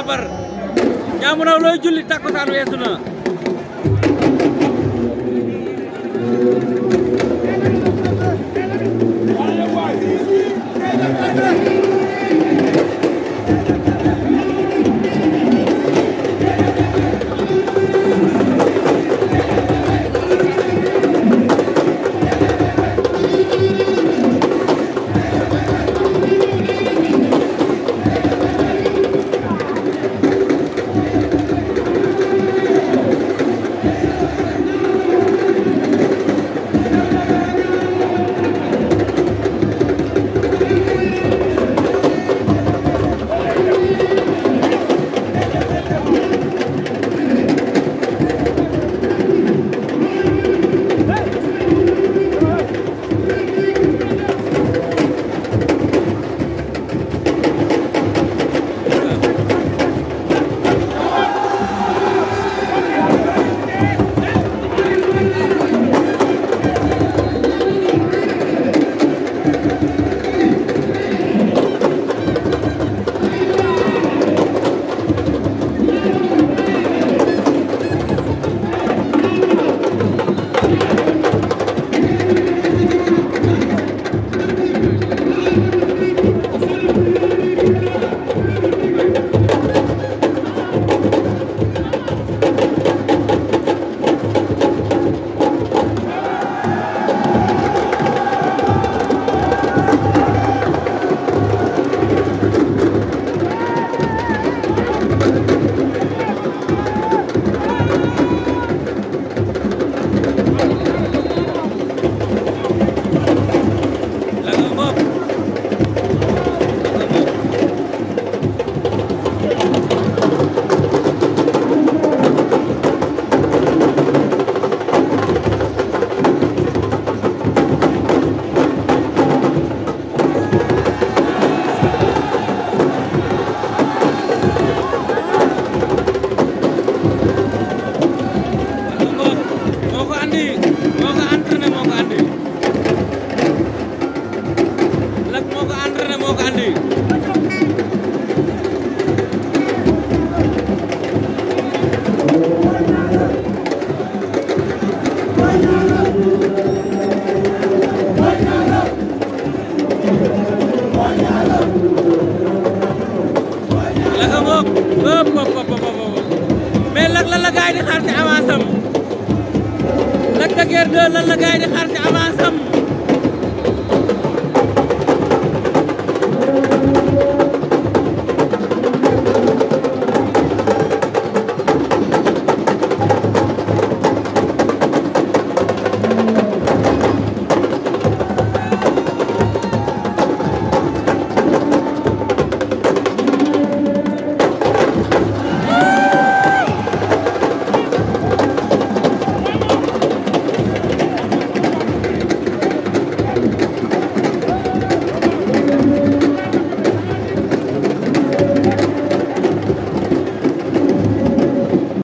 akbar ñaamu na looy julli takkusaan weesu na gaay di xaar ci avance am Lac de Guiers 2 lan la gaay di xaar ci avance am